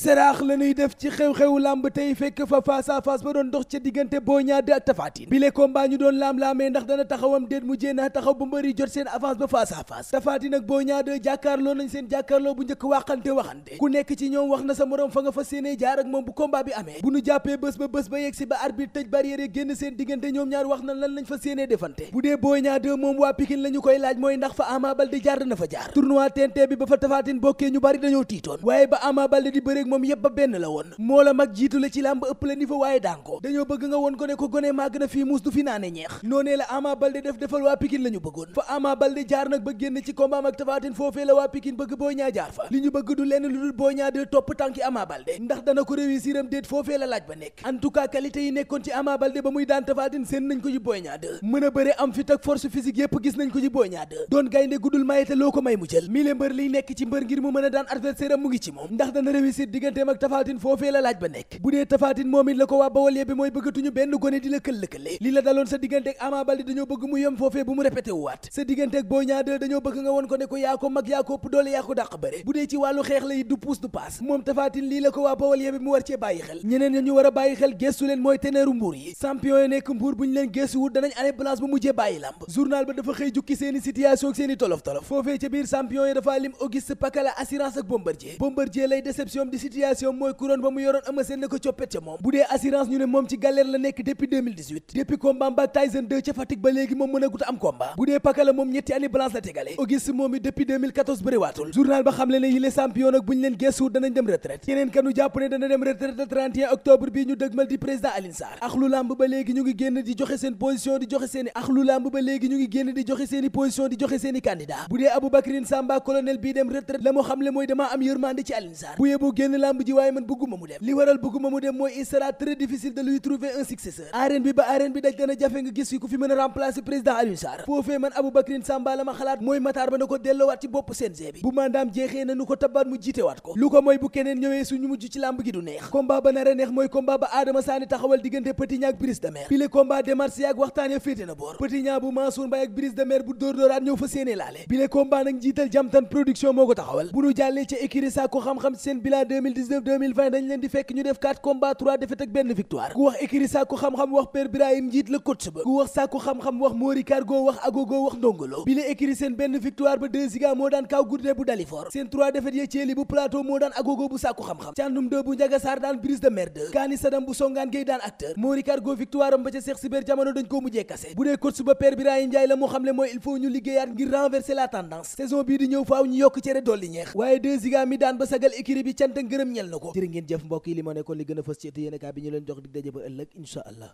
seraax la ñuy def ci xew-xewu lamb tey fekk fa face à face ba doon dox ca diggante Boy Niang 2 ak Tapha Tine bile ñu doon laam-laamee ndax dana taxawam déet mu jéena taxaw ba mbëri jot seen avance ba face à face Tapha Tine ak Boy Niang jàkkaarloo nañ seen jàkkaarloo bu njëkk waxante waxante ku nekk ci ñoom wax na sa morom fa nga fa séenee jaar ak moom bu combat bi amee bu nu jàppee bés ba bés ba yegsi ba arbitre tëj barrière yi génn seen diggante ñoom ñaar wax na lan lañ fa séenee defante bu dee koy laaj mooy ndax fa Ama Baldé jaar na fa jaar tournoi TNT bi moom yëpp ba benn la woon moo la mag jiitu la ci làmb ëpp la niveau waaye daan ko dañoo bëgg nga woon ko ne ko gone maa gën fii muus du fi naane ñeex noonee la def defal waa Pikine la bëggoon fa Ama jaar nag ba génn ci combat ak Tapha foofee la waa Pikine bëgg Boy Niang fa li ñu bëgg du lenn lu dul Boy Niang topp tànki Ama ndax dana ko réussir am foofee la laaj ba nekk en yi nekkoon ci Ama ba muy digganteem ak tafaatin foofee la laaj ba nekk bu dee tafaatin moom it la ko waa bawal yebbi mooy bëggatuñu benn gone di la këllëkkale li la daloon sa digganteeg Ama Baldé dañoo bëgg mu yem foofee bu mu répété wu sa digganteeg Boy Niang dañoo bëgg nga won ko ne ko yaa ko mag yaa ko ëpp doole yaa ko dàq bëre bu dee ci wàllu xeex la du puus du paas moom tafaatin lii la ko waa bawal yebbi mu war cee bàyyi xel ñeneen ñu war bàyyi xel gestu bi situation mooy couronne ba mu yoroon Eumeu Sène ko coppet ca moom bu dee assurance ñu ne moom ci galère la nekk depuis 2018 depuis combat ca Fatick ba léegi moom mën a gut am combat bu dee paka la moom ñetti ani balance la tegale Auguste moom it depuis 2014 bëriwaatul journal ba xam ne yile champion ak bu ñu leen gestu danañ dana dem retraite le 31 ñu dëgmal di président Alioune Sarr lamb ba léegi ñu ngi génn di joxe seen position di joxe seeni ak lu lamb ba léegi ñu ngi génn di joxe mooy damaa génn ji waaye man bëgguma mu dem li waral bëgguma mu dem mooy il sera difficile de lui trouver un successeur arène bi ba arène bi daj dana jafe nga gis fi fi mën a remplacer président Alioune Sarr foofee man Aboubacrine Samba la ma xalaat mooy Matar Ba na ko delloowaat ci bopp CNG bi bu mandaam jeexee na nu ko tabaat mu jiitewaat ko lu ko mooy bu keneen ñëwee suñu mujj ci lamb gi du neex combat ba nar neex mooy combat ba Adama Sane taxawal 2019 2020 leen di fekk ñu def 4 combats ak benn victoire ku wax écurie Sakku xam-xam wax Père Birahim njiit la coach ba ku wax Sakku xam-xam wax Mori Cargo wax Agogo wax Ndongolo bi la écurie seen benn victoire ba 2 ziga moo daan kaw gurde bu Dalifor seen 3 défaites ya bu Plateau moo daan Agogo bu Sakku xam-xam càndum 2 bu Njaga daan Brise de Mer 2 Kaani Sadam bu Songaan Gueye daan acteur Mori Cargo victoire am ba ca Cheikh Siber jamono ngërëm ñel na ko jërë ngeen jëf mbokk yi li moo nekkoon li gën a fës ci ëtt yéen a kaay bi ñu leen jox dig daje ba ëllëg incha